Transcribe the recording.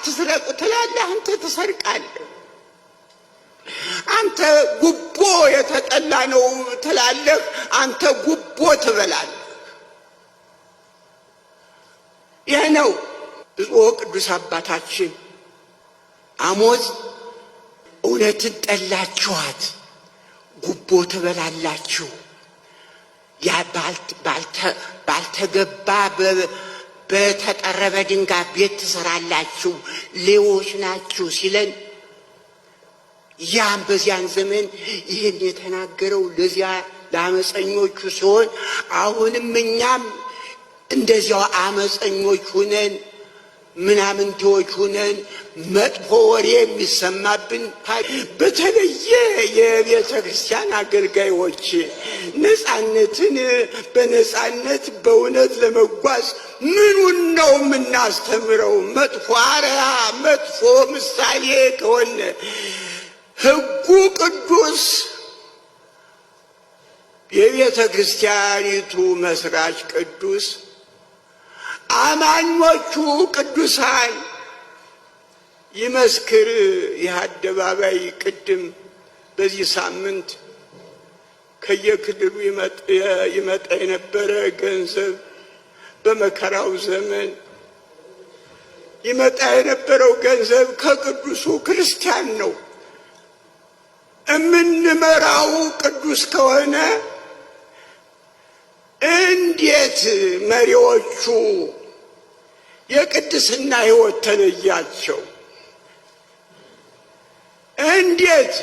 አትስረቁ ትላለህ፣ አንተ ትሰርቃለህ። አንተ ጉቦ የተጠላ ነው ትላለህ፣ አንተ ጉቦ ትበላለህ። ይህ ነው ብፁዕ ቅዱስ አባታችን አሞዝ እውነትን ጠላችኋት፣ ጉቦ ትበላላችሁ ባልተገባ በተጠረበ ድንጋይ ቤት ትሰራላችሁ፣ ሌዎች ናችሁ ሲለን ያም በዚያን ዘመን ይህን የተናገረው ለዚያ ለአመፀኞቹ ሲሆን አሁንም እኛም እንደዚያው አመፀኞች ሁነን ምናምንቴዎች ሁነን መጥፎ ወሬ የሚሰማብን በተለየ የቤተ ክርስቲያን አገልጋዮች ነፃነትን በነፃነት በእውነት ለመጓዝ ምኑን ነው የምናስተምረው? መጥፎ አርያ መጥፎ ምሳሌ ከሆነ ሕጉ ቅዱስ የቤተ ክርስቲያኒቱ መስራች ቅዱስ አማኞቹ ቅዱሳን ይመስክር። ይህ አደባባይ ቅድም በዚህ ሳምንት ከየክልሉ ይመጣ የነበረ ገንዘብ በመከራው ዘመን ይመጣ የነበረው ገንዘብ ከቅዱሱ ክርስቲያን ነው። እምንመራው ቅዱስ ከሆነ እንዴት መሪዎቹ የቅድስና ሕይወት ተለያቸው? እንዴት